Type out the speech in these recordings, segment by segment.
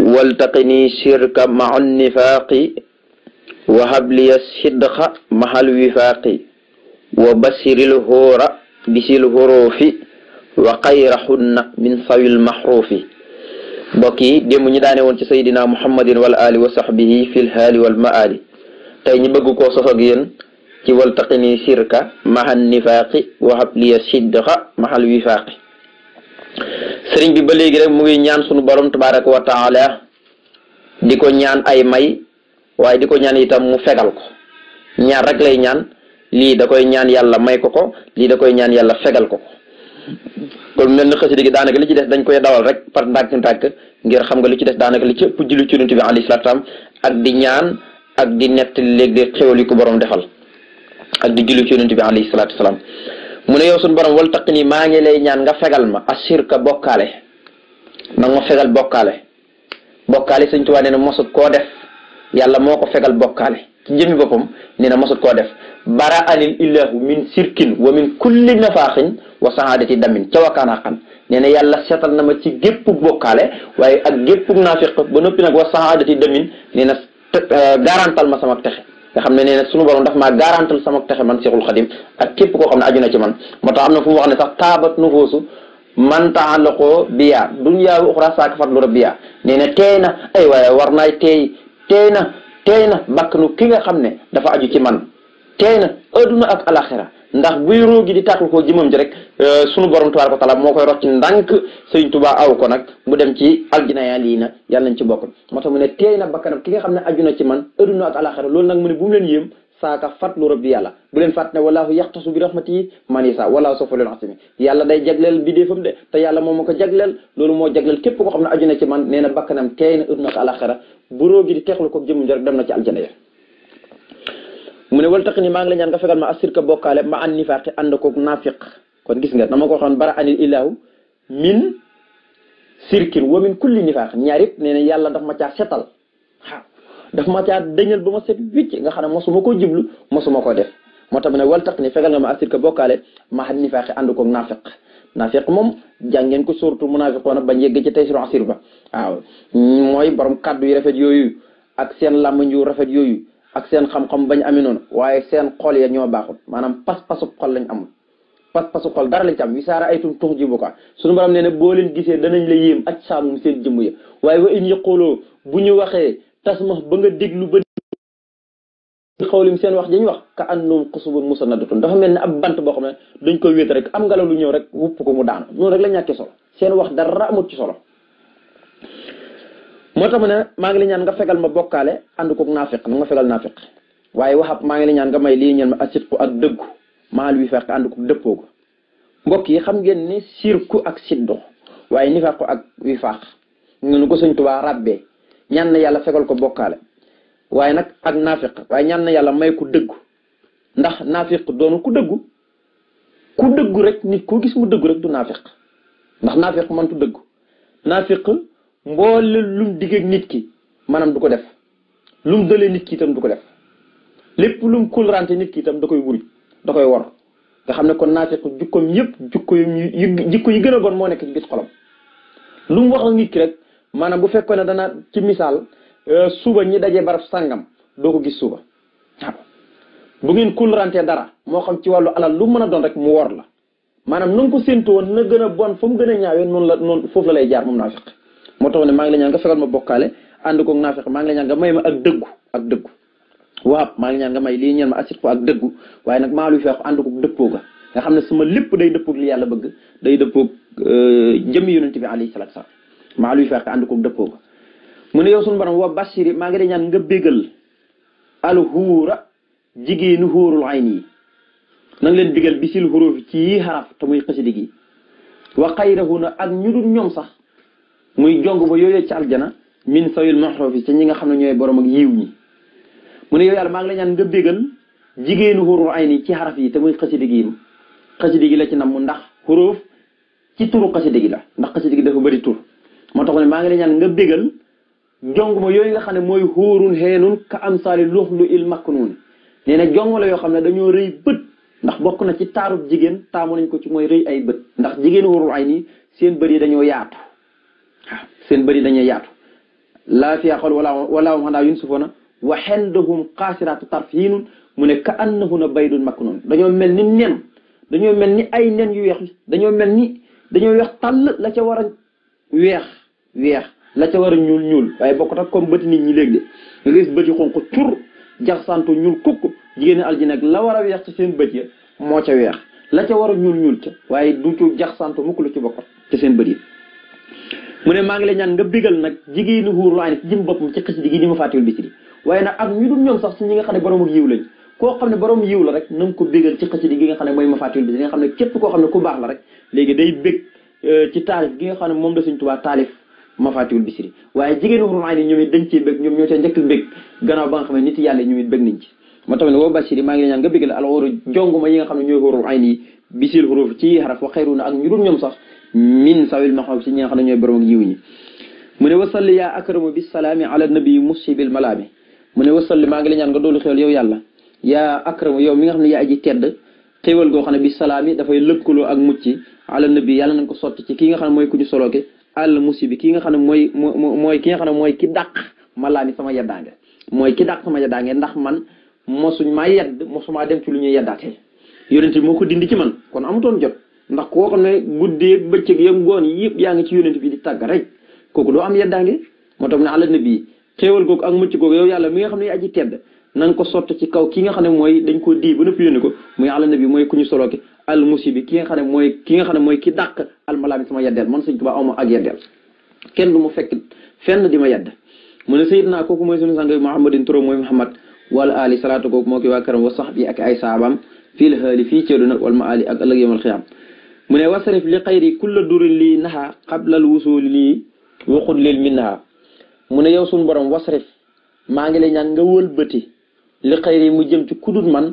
waltaqini shirka ma'a nifaaqi wa habliya sidqa mahal wifaaqi wa basiril huura bisil hurufi wa xayra xunna min sawil mahrufi mbokk yi démb ñu daane woon ci saydina muhammadin wal ali wa sahbihi fil haali wal maali tey ñu bëgg koo sosoog yéen ci waltaqini shirka mahal nifaaqi wa habliya sidqa mahal wifaaqi sëriñ bi ba léegi rek mu ngi ñaan sunu borom tabaraka wa taala di ko ñaan ay may waaye di ko ñaan itam mu fegal ko ñaar rek lay ñaan lii da koy ñaan yàlla may ko ko lii da koy ñaan yàlla fegal ko ko kon mel na xasida gi daanaka li ci des dañ koy dawal rek par ndànk-ndànk ngir xam nga li ci des daanaka li ci ëpp julli ci yonent bi alayhi salaatu salaam ak di ñaan ak di nett léeg-léeg xéwal yi ko boroom defal ak di julli ci yonent bi alayhi salaatu salaam mu ne yow suñu borom wal taq nii maa ngi lay ñaan nga fegal ma asirka bokkaale nag ma fegal bokkaale bokkaale sëñ Tuubaa nee na mosut koo def yàlla moo ko fegal bokkaale ci boppam nee na mosut koo def bara anil illahu min sirkin wa min kulli nafaaxin wa saadati damin ca wakaana xan nee na yàlla seetal na ma ci gépp bokkaale waaye ak gépp naafiq ba noppi nag wa saadati damin nee na garantal ma sama texe nga xam ne nee na sunu borom daf maa garantal sama texe man Seexul Xadim ak képp koo xam ne aju na ci man moo tax am na fu mu wax ne sax taabat nufoosu man taallaqoo biya dunya wa uxra saaka fatlu rabbiya nee na teey na ay waaye war naay teey teey na teey na bakkanu ki nga xam ne dafa aju ci man teey na adduna ak alaxira ndax buy roogi di tàqal koo jëmam ji rek euh, sunu borom tabaaraka wa taala moo koy rocc ndànk sëriñ tubaa aw ko nag mu dem ci aljinaya lii na yàlla nañ ci bokk moo tax mu ne teey na bakkanam ki nga xam ne aju na ci man adduna ak alaxira loolu nag mu bu leen yéem saaka fatlu rabbi yàlla bu leen fàtt ne walaahu yaxtasu bi rahmatihi man yasa walaahu soo fa leen asimi yàlla day jagleel bidéefam de te yàlla moom moo ko jagleel loolu moo jagleel képp koo xam ne aju na ci man nee na bakkanam teey na adduna ak alaxira bu roogi di teexlu ko jëmam ji rek dem na ci aljana ya mu ne wal taq ni maa ngi la ñaan nga fegal ma asirka bokkaale ma an nifaaq te ànd koog naafiq kon gis nga dama ko waxoon bara anil ilaahu min sirkin wa min kulli nifaaq ñaar yëpp nee na yàlla daf ma caa setal waaw daf ma caa dëñal ba ma set wicc nga xam ne mosuma koo jiblu mosuma koo def moo tax mu ne wal taq ni fegal nga ma asirka bokkaale ma an nifaaq te ànd koog naafiq naafiq moom jàngeen ko surtout munaafiqoona bañ yegg ci tey suro asir ba mooy borom kàddu yu rafet yooyu ak seen làmmiñ yu rafet yooyu ak seen xam-xam bañ amee noonu waaye seen xol ya ñoo baaxul maanaam pas-pasu xol lañ amul pas-pasu xol dara lañ ci am wi saara aytum tux ji bu ka su borom nee na boo leen gisee danañ la yéem ak saamum seen jëmm ya waaye wa in yëqooloo bu ñu waxee ma ba nga déglu ba xawlim seen wax dañ wax ka annum xusubun musannadatun dafa mel ne ab bant boo xam ne dañ koy wéet rek am ngelaw lu ñëw rek wupp ko mu daanu noonu rek la ñàkkee solo seen wax dara amut ci solo moo tax mu ne maa ngi la ñaan nga fegal ma bokkaale ànd koog naafiq na nga fegal naafiq waaye waxab maa ngi la ñaan nga may lii ñeen ma asitku ak dëggu maa wi fekk ànd koog dëppoo ko mbokk yi xam ngeen ni sirku ak siddo waaye nifaqu ak wifaq ñu ko sëñ Tuubaa rabbee ñaan na yàlla fegal ko bokkaale waaye nag ak naafiq waaye ñaan na yàlla may ko dëggu ndax naafiq doonu ku dëggu ku dëggu rek nit koo gis mu dëggu rek du naafiq ndax naafiq mëntu dëggu naafiq mboole lum digg diggee nit ki maanaam du ko def lu mu dëlee nit ki itam du ko def lépp lum kulrante nit ki itam da koy wuruj da koy wor nga xam ne kon naafeq jukkoom yëpp jukko yu jikko yi gën a bon moo nekk ci bis xolam lu mu wax ak nit ki rek maanaam bu fekkoon ne dana ci misaal euh, suba ñi dajee barab sàngam doo ko gis suba waaw bu ngeen kulrante dara moo xam ci wàllu alal lu mun a doon rek mu wor la maanaam na ko séntu woon na gën a bon fa mu gën a ñaawee la noonu foofu lay jaar moom naafeq moo tax ne maa ngi la nga fegal ma bokkaale ànd koog naa fexe maa ngi la nga may ma ak dëggu ak dëggu waab maa ngi nga may lii ñeen ak dëggu waaye nag maa luy feex ànd koog dëppoo ga nga xam ne sama lépp day dëppoog li yàlla bëgg day dëppoog euh, jëmmi yonent bi alayhi salaatu salaam maa luy feex ànd koog dëppoo ga mu ne yow suñu borom wa basiri maa ngi lay ñaan nga bégal alxuura jigéenu xóorul ayn yi na leen bégal bisil xuruuf ci yii xaraf te muy xasidi gi wa xayrahuna ak ñu dul ñoom sax muy jong ba yooyee ci aljana min sawil mahrofi ci ñi nga xam ne ñooy borom ak yiw ñi mu ne yow yàlla maa ngi la ñaan nga bégal jigéenu xuruf ay ni ci xaraf yi te muy xasida gi xasida gi la ci nam ndax xuruf ci turu xasida gi la ndax xasida gi dafa bëri moo tax maa ngi la nga bégal jong ma yooyu nga xam ne mooy xuurun xeenun ka am saali lux lu il makkunuun nee na jong la yoo xam ne dañoo rëy bët ndax bokk na ci taarub jigéen taamu nañ ko ci mooy rëy ay bët ndax jigéenu xuruf ay nii seen bër yi dañoo yaatu seen bëri dañuy yaatu laa fiyaa xol wala walaa hum xanaa yunsufoona wa xendahum xaasiraatu tarfiinun mu ne ka annahuna baydun maknun dañoo mel ni nen dañoo mel ni ay nen yu weex dañoo mel ni dañoo weex tàll la ca war a weex weex la ca war a ñuul ñuul waaye bokkut ak comme bëti nit ñi léegi nga gis bëti xonq cur jaxsantu ñuul kukk jigéen aljina ak la war weex ci seen bët ya moo ca weex la ca war ñuul ñuul ca waaye du ci jaxsantu mukk lu ci bokkut ci seen bët yi mu ne maa ngi lay ñaan nga bégal nag jigéenu xuur laay ci jëm boppam ci xasida gi di ma fàttewul bisiri waaye nag ak ñu dul ñoom sax si ñi nga xam ne borom ak yiw xam ne borom yiw la rek na nga ko bégal ci xasida gi ne mooy ma fàttewul bisiri nga xam ne képp koo xam ne euh, nga xam ne moom la Sëñ Tuubaa taalif ma fàttewul bisiri waaye jigéenu xuur laay ñoom it dañ cee bég ñoom ñoo cee njëkk bég gannaaw ba nga xam ne nit yàlla ñoom it bég nañ ci moo tax ne woo maa ngi lay ñaan nga bégal al wóoru jong ma yi nga xam ne ñooy xóorul ayn yi bisil xuruf ci xaraf wa xayru na ak ñu dul ñoom sax min sawil maxaab ci ñi nga xam ne ñooy borom ak yiw ñi mu ne wasalli yaa akramu bisalaami ala nabi musibil malaami mu ne wasalli maa ngi la ñaan nga doolu xéwal yàlla yaa akramu yow mi nga xam ne yaa aji tedd xéwal goo xam ne bisalaami dafay lëkkaloo ak mucc ala nabi yàlla nañ ko sotti ci ki nga xam ne mooy ku ñu solooke al musibi ki nga xam ne mooy mooy ki nga xam ne mooy ki dàq malaami sama yeddaange mooy ki dàq sama yeddaange ndax man mosuñ maa yedd mosumaa dem ci lu ñuy yeddaatee yonent bi moo ko dindi ci man kon amutoon jot ndax koo xam ne guddee bëccëg yam ngoon yëpp yaa ngi ci yonent bi di tàgg rek kooku doo am yeddaange moo tax mu ne àla nabi xéewal googu ak mucc googu yow yàlla mi nga xam ne aji tedd na nga ko sotti ci kaw ki nga xam ne mooy dañ koo dii ba nëpp yónni ko muy àla nabi mooy ku ñu solooki al musibi ki nga xam ne mooy ki nga xam ne mooy ki dàq almalaami sama yeddeel man sëñ Tuubaa awma ak yeddeel kenn mu fekk fenn di ma yedd mu ne sayyidnaa kooku mooy sunu sang Muhammadin turo mooy Muhammad wala ali salaatu kooku moo ki waa këram wa sax bi ak ay saabaam fii la xaali fii ci àdduna wal maali ak ëllëg yawmal xiyaam mu ne wasarif li xayri kulla durin lii naxa xablal wusuuli lii waxut lil min naxa mu ne yow suñu borom wasarif maa ngi lay ñaan nga wëlbati li xayri mu jëm ci kudut man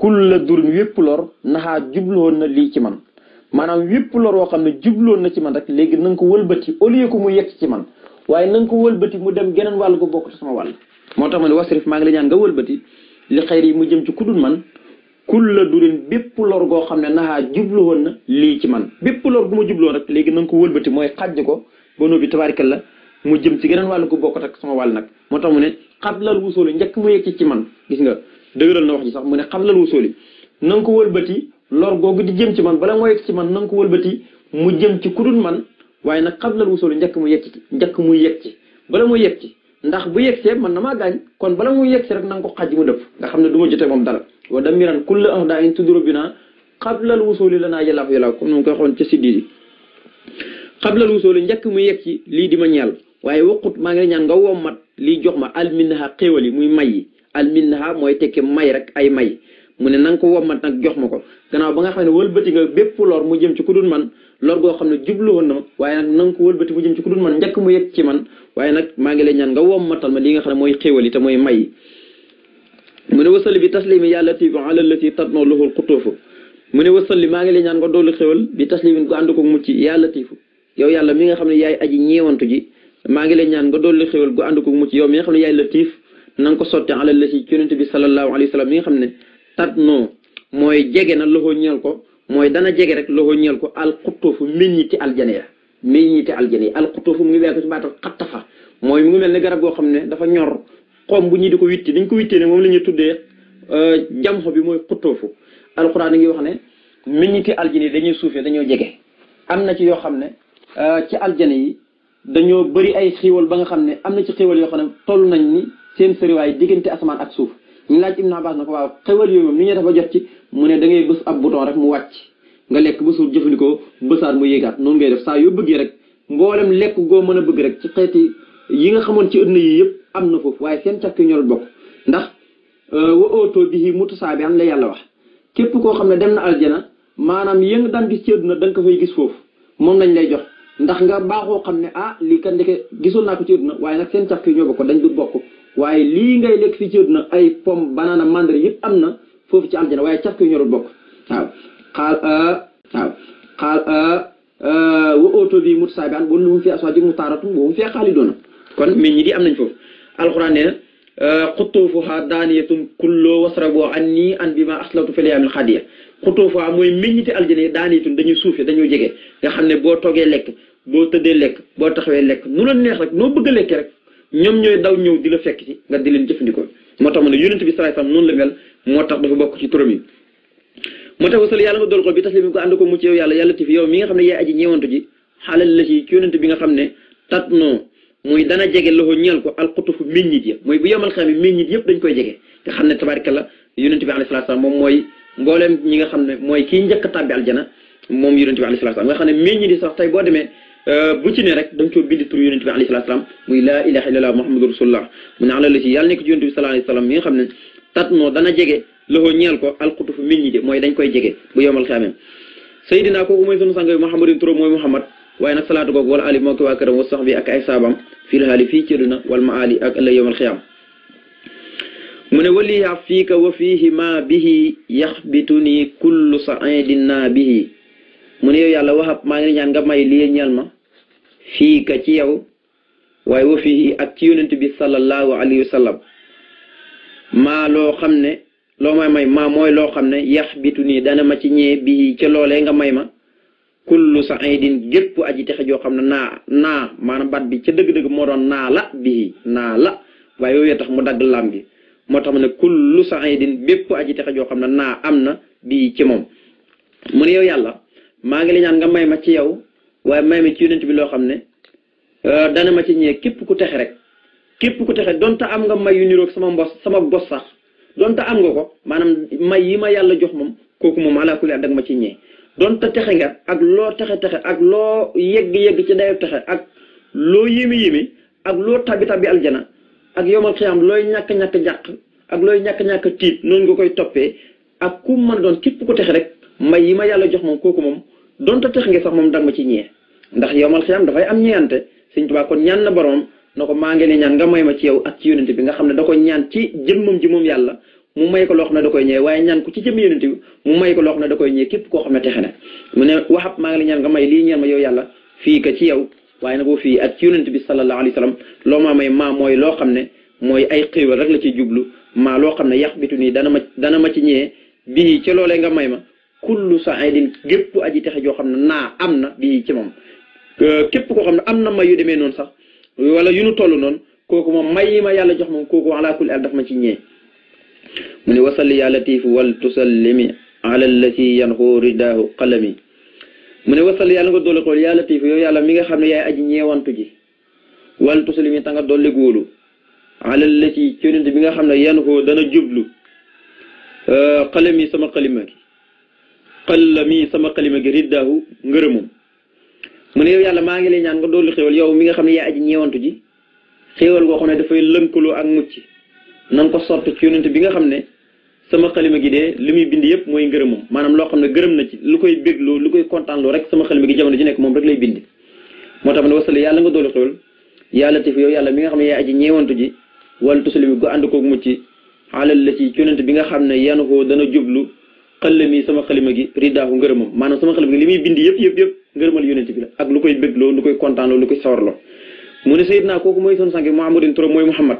kulla durin wépp lor naxaa jubloon na lii ci man maanaam wépp lor woo xam ne jubloon ci man rek léegi na ko wëlbati au lieu que mu yegg ci man waaye na nga ko wëlbati mu dem geneen wàll gu bokk moo tax ma ne wasarif maa ngi lay ñaan nga wëlbati mu jëm ci kudut man kulla durin bépp lor goo xam ne naxaa jublu woon na lii ci man bépp lor gu ma jublu woon rek léegi na nga ko wëlbati mooy xaj ko ba noppi tabaarikal la mu jëm ci geneen wàll ko bokkut ak sama wàll nag moo tax mu ne xablal wusooli njëkk mu yegg ci man gis nga dëgëral na wax ji sax mu ne xablal wusooli na nga ko wëlbati lor googu di jëm ci man bala moo yegg ci man na nga ko wëlbati mu jëm ci kudul man waaye nag xablal wusooli njëkk mu yegg ci njëkk mu yegg ci bala mu yegg ci ndax bu yegg see man na maa gaañ kon bala mu yegg see rek na nga ko xaj mu dëpp nga xam ne du jotee moom dara wa damiran kulla ahdain tudru bina xablal wusuli lanaa yalaahu yalaahu comme ni ma koy xoon ca siddi yi xablal wusuli njëkk mu yegg ci lii di ma ñeel waaye waqut maa ngi la ñaan nga lii jox ma alminnaha xéewal yi muy may yi alminnaha mooy tekki may rek ay may mu ne na nga ko wommat nag jox ma ko gannaaw ba nga xam ne wëlbati nga bépp lor mu jëm ci ku dul man lor goo xam ne jublu woon waaye nag na nga ko wëlbati mu jëm ci ku dul man njëkk mu yegg ci man waaye nag maa ngi la ñaan nga wommatal ma li nga xam ne mooy xéewal yi te may mu ne wasalli bi taslimi yàlla tiiku alalati tatnoo luxul xutóofu mu ne wasalli maa ngi lay ñaan nga doolu xéwal bi taslimin ko ànd ko mucc yàlla tiifu yàlla mi nga xam ne yaay aji ñeewantu ji maa ngi lay ñaan nga doolu xéwal gu ànd ko mucc yow mi nga xam ne yaay la tiif na nga ko sotti alalati ci yonent bi sallallahu alayhi wa sallam xam ne tatnoo mooy jege na loxoo ñeel ko mooy dana jege rek loxoo ñeel ko al xutóofu meññiti aljana ya meññiti aljana ya al xutóofu mu ngi wekk ci baata xattafa mooy mu ngi mel ne garab goo xam ne dafa ñor xom bu ñi di ko witti dañ ko wittee ne moom la ñuy tuddee euh, jamxo bi mooy xuttoofu alxuraan da ngi wax ne meññiti aljana yi dañuy suufee dañoo jege am na ci yoo xam ne euh, ci aljana yi dañoo bëri ay xiiwal ba nga xam ne am na ci xiiwal yoo xam ne toll nañ ni seen sëriwaay diggante asamaan ak suuf ñu laaj Ibn Abbas na ko waaw xiiwal yooyu moom ni ñuy def ba jot ci mu ne da ngay bës ab bouton rek mu wàcc nga lekk ba suuf jëfandikoo bësaat mu yéegaat noonu ngay def saa yoo bëggee rek mboolem lekk goo mën a bëgg rek ci xeeti yi nga xamoon ci ëdduna yi yëpp am na foofu waaye seen takk ñol bokk ndax euh, wa oto bi mutasaabi an la yàlla wax képp koo xam ne dem na aljana maanaam yëng daan gis ci àdduna ko fay gis foofu moom lañ lay jox ndax nga baaxoo xam ne ah lii kat gisoon naa ko waaye nag seen càkk yi dañ du bokk waaye lii ngay lekk fii ci àdduna ay pomme banana mandari yëpp am na foofu ci aljana waaye càkk yi ñoo bokk waaw xaal oto euh, euh, bi mutasaabi an bun lu mu mu taaratum bu mu fee xaalidoona kon meññi di am nañ foofu alquran nee na xutuufuha euh, daaniyatun kulloo wasrabu anni an bi ma aslawtu fil yaamil xadiya xutuufuha mooy meññite aljana yi daaniyatun dañuy suufe dañoo jege nga xam ne boo toogee lekk boo tëddee lekk boo taxawee lekk nu la neex rek noo bëgg a rek ñoom ñooy daw ñëw di la fekk ci nga di leen jëfandikoo moo tax mu ne yonent noonu la mel moo tax dafa bokk ci turam yi moo tax wasal yàlla nga dool ko bi taslim ko ko mucc yàlla yàlla tifi yow mi nga xam ne yaay aji ñeewantu ji xaalal la ci yonent bi nga xam ne tat noo muy dana jege loxo ñeel ko alxutufu meññit ya mooy bu yomal xam meññit yëpp dañ koy jege te xam ne tabaarkalla yonent bi alayhi salaatu salaam mooy mbooleem ñi nga xam ne mooy kii njëkk tàbbi aljana moom yonent bi alayhi salaatu salaam nga xam ne meññit yi tey boo demee euh, bu ci ne rek dañ ko bind tur yonent bi alayhi salaatu salaam muy laa ko alxutufu meññit ya mooy dañ koy jege bu yomal xamee sayyidina kooku mooy sunu sang waaye na salaatu googu wala ali moo ki waa këram sax bi ak ay saabam fil haali fii ci duna wal ma ali ak ëllëg yowmal xiyaam mu ne waliya fiika wa fiihi ma bihi yaxbitu nii kullu saidin naa bihi mu ne yow yàlla waxab maa ngi ñaan nga may lii ñeel ma fiika ci yow waaye wa fiihi ak ci yonent bi sallallahu alayhi wa maa loo xam ne loo may may maa mooy loo xam ne yaxbitu nii dana ma ci ñee bihi ca loolee nga may ma kullu saidin gépp aji texe joo xam na naa naa maanaam baat bi ca dëgg-dëgg moo doon naa la bii naa la waaye yooyu tax mu dagg laam bi moo tax mu ne kullu saidin bépp aji texe xam ne naa am na bii ci moom mu ne yow yàlla maa ngi la ñaan nga may ma ci yow waaye may ma ci yonent bi loo xam ne euh, dana ma ci ñëwee képp ku texe rek képp ku texe donte am nga may yu niroog sama mbos sama bos sax donte am nga ko maanaam may yi ma yàlla jox moom kooku moom alaa kulli dag ma ci ñee te texe nga ak loo texe texe ak loo yegg-yegg ci dayo texe ak loo yémi yémi ak loo tabi tabi aljana ak yomal xiyaam looy ñàkk-ñàkk jàq ak looy ñàkk-ñàkk tiit noonu nga koy toppee ak ku mën doon képp ko texe rek may yi ma yàlla jox moom kooku moom donte texe nga sax moom danga ma ci ñee ndax yomal xiyaam dafay am ñeente Sëñ Tuubaa kon ñaan na boroom na ko maa ngi ne ñaan nga may ma ci yow ak ci yónente bi nga xam ne da ko ñaan ci jëmmam ji moom yàlla mu may ko loo xam ne da koy ñëwee waaye ñaan ko ci jëm yonent bi mu may ko loo xam ne da koy ñëwee képp koo xam ne texe na mu ne waxab maa ngi nga may lii ñaan ma yow fii ka ci yow waaye nag boo fii ak ci yonent bi sallallahu alayhi wa sallam loo maa may maa mooy loo xam ne mooy ay xéewal rek la ciy jublu maa loo xam ne yax bitu nii dana ma dana ma ci ñëwee bii ca loolee nga may ma kullu saidin gépp aji texe joo xam ne naa am na bii ci moom euh, képp koo xam ne am na may yu demee noonu sax wala yu nu toll noonu kooku moom may yi ma yàlla jox moom kooku ala kulli al daf ma ci ñee mu ne wasalli yaa latif wal tusallimi ala allati yanxu ridaahu qalami mu ne wasalli yàlla nga dolli yaa latif yow yàlla mi nga xam ne yaay aji ñeewantu ji wal tuslimi ta nga dolli góolu ala allati ci bi nga xam ne yanxu dana jublu qalami sama xalima gi qalami sama xalima gi riddaahu ngërëmum mu ne yow yàlla maa ngi lay ñaan nga yow mi nga xam ne yaay aji ñeewantu ji xéwal goo xam ne dafay lënkaloo ak mucc nan ko sott ci bi nga xam ne sama xalima gi de li muy bind yëpp mooy ngërëmam maanaam loo xam ne gërëm na ci lu koy bégloo lu koy kontaanloo rek sama xalima gi jamono ji nekk moom rek moo tax ma ne wasali yàlla nga doolu xewal yàlla tif yow yàlla mi nga xam ne yaa aji ñeewantu ji wala tusalimi gu ànd koog mucc alal la ci yonent bi nga xam ne yanu koo dana jublu li muy bind yëpp yëpp yëpp ngërëmal yonent bi la lu koy bégloo lu koy kontaanloo lu koy sawarloo mu ne sayid naa kooku mooy son sangi Muhammadin turam mooy Muhammad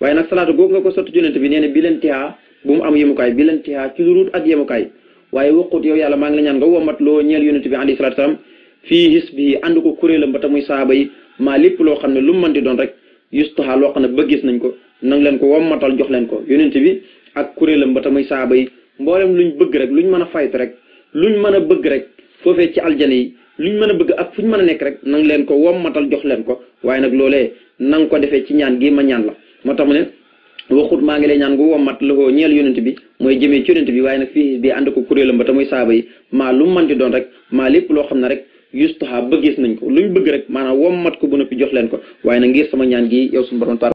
waaye nag salaatu googu nga ko sotti yonent bi nee ne bi leen tiyaa bu mu am yemukaay bi leen tiyaa ci lu dul ak yemukaay waaye waxut yow yàlla maa ngi la ñaan nga womat loo ñeel yonent bi alayhi salaatu salaam fii his bi ànd ko kuréelam ba ta muy saaba yi maa lépp loo xam ne lu mu mën di doon rek yustaha loo xam ne bëggis nañ ko nang leen ko womatal jox leen ko yonent bi ak kuréelam ba ta muy saaba yi mboolem luñ bëgg rek luñ mën a faytu rek luñ mën bëgg rek foofee ci aljane yi luñ mën a bëgg ak fuñ mën a nekk rek nang leen ko womatal jox leen ko waaye nag loolee nang ko defee ci ñaan gi ma ñaan la moo tax mu ne waxut maa ngi lay ñaan gu wommat loxoo ñeel yonent bi mooy jëmee ci yonent bi waaye nag fii bi ànd ko kuréelam ba te muy saaba yi maa lu manti doon rek maa lépp loo xam ne rek yustaha bëggees nañ ko luñ bëgg rek maanaam wommat ko bu noppi jox leen ko waaye na ngir sama ñaan gi yow suñu borom